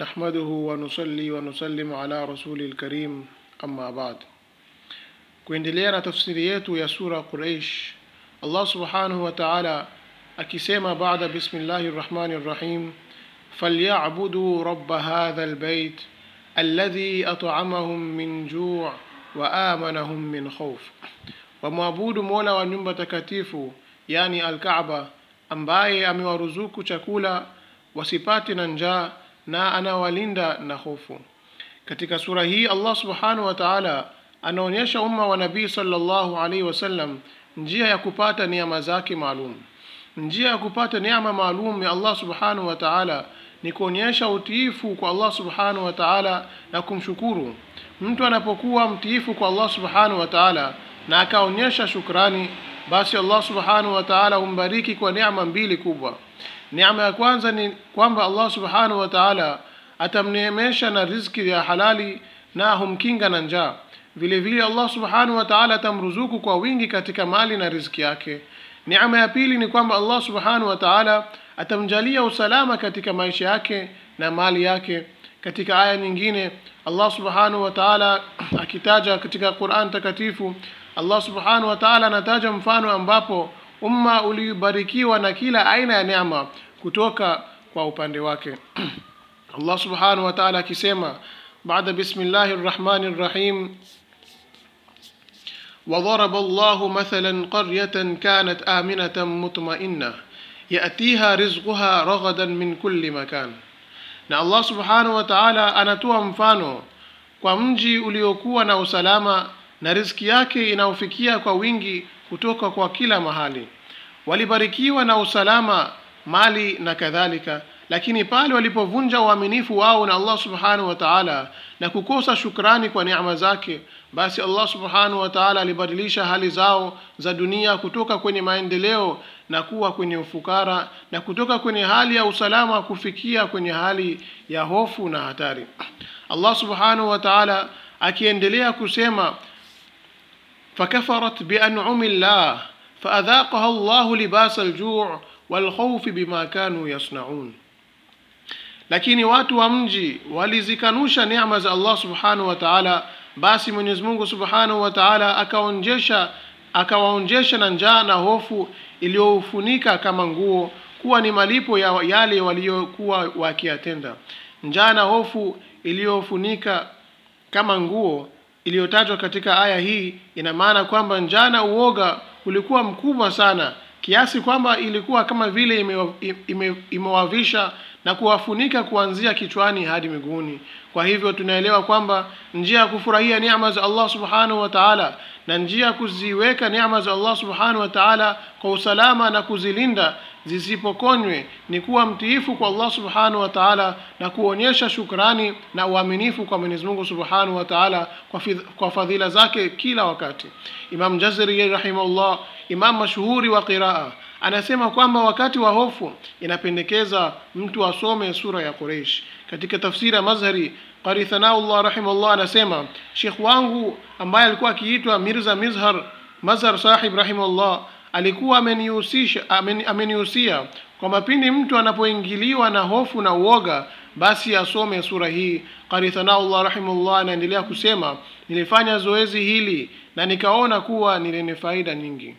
نحمده ونصلي ونسلم ala rasuli lkarim amma baad. Kuendelea na tafsiri yetu ya sura Quraish, Allah subhanahu wa ta'ala akisema baada bismillahi rahmani rahim, falyabudu rabba hadha lbait alladhi at'amahum min ju' wa amanahum min khawf, wamwabudu mola wa nyumba takatifu, yani Alkaaba, ambaye amewaruzuku chakula wasipate na njaa na anawalinda na hofu. Katika sura hii Allah subhanahu wa taala anaonyesha umma wa Nabii sallallahu alaihi wasallam njia ya kupata neema zake maalum. Njia ya kupata neema maalum ya Allah subhanahu wa taala ni kuonyesha utiifu kwa Allah subhanahu wa taala na kumshukuru. Mtu anapokuwa mtiifu kwa Allah subhanahu wa taala na akaonyesha shukrani basi Allah subhanahu wa ta'ala humbariki kwa neema mbili kubwa. Neema ya kwanza ni kwamba Allah subhanahu wa ta'ala atamneemesha na riziki ya halali na humkinga na njaa. Vile vile Allah subhanahu wa ta'ala atamruzuku kwa wingi katika mali na riziki yake. Neema ya pili ni kwamba Allah subhanahu wa ta'ala atamjalia usalama katika maisha yake na mali yake. Katika aya nyingine Allah subhanahu wa ta'ala akitaja katika Qur'an takatifu Allah subhanahu wa taala anataja mfano ambapo umma ulibarikiwa na kila aina ya neema kutoka kwa upande wake. Allah subhanahu wa taala akisema baada bismillahi rrahmani rrahim وضرب الله مثلا قرية كانت آمنة مطمئنة يأتيها رزقها رغدا من كل مكان na Allah subhanahu wa ta'ala anatoa mfano kwa mji uliokuwa na usalama na riziki yake inaofikia kwa wingi kutoka kwa kila mahali. Walibarikiwa na usalama, mali na kadhalika, lakini pale walipovunja uaminifu wao na Allah subhanahu wa ta'ala na kukosa shukrani kwa neema zake, basi Allah subhanahu wa ta'ala alibadilisha hali zao za dunia kutoka kwenye maendeleo na kuwa kwenye ufukara na kutoka kwenye hali ya usalama kufikia kwenye hali ya hofu na hatari. Allah subhanahu wa ta'ala akiendelea kusema فكفرت بأنعم الله فأذاقها الله لباس الجوع والخوف بما كانوا يصنعون lakini watu wa mji walizikanusha neema za Allah subhanahu wa ta'ala basi Mwenyezi Mungu subhanahu wa ta'ala akaonjesha akawaonjesha na njaa na hofu iliyofunika kama nguo kuwa ni malipo ya yale waliyokuwa wakiyatenda njaa na hofu iliyofunika kama nguo iliyotajwa katika aya hii ina maana kwamba njaa na uoga ulikuwa mkubwa sana kiasi kwamba ilikuwa kama vile imewavisha ime, na kuwafunika kuanzia kichwani hadi miguuni. Kwa hivyo tunaelewa kwamba njia ya kufurahia neema za Allah subhanahu wa taala na njia ya kuziweka neema za Allah subhanahu wa taala kwa usalama na kuzilinda zisipokonywe ni kuwa mtiifu kwa Allah subhanahu wa ta'ala na kuonyesha shukrani na uaminifu kwa Mwenyezi Mungu subhanahu wa ta'ala kwa, kwa fadhila zake kila wakati. Imam Jazari rahimahullah, imam mashuhuri wa qiraa, anasema kwamba wakati wa hofu inapendekeza mtu asome sura ya Quraysh. Katika tafsiri ya Mazhari Qari Thanaullah rahimahullah anasema Sheikh wangu ambaye alikuwa akiitwa Mirza Mizhar Mazhar Sahib rahimahullah alikuwa amenihusia kwa amenihusia kwamba pindi mtu anapoingiliwa na hofu na uoga basi asome sura hii. Qari Thanaullah rahimahullah anaendelea kusema, nilifanya zoezi hili na nikaona kuwa nilene faida nyingi.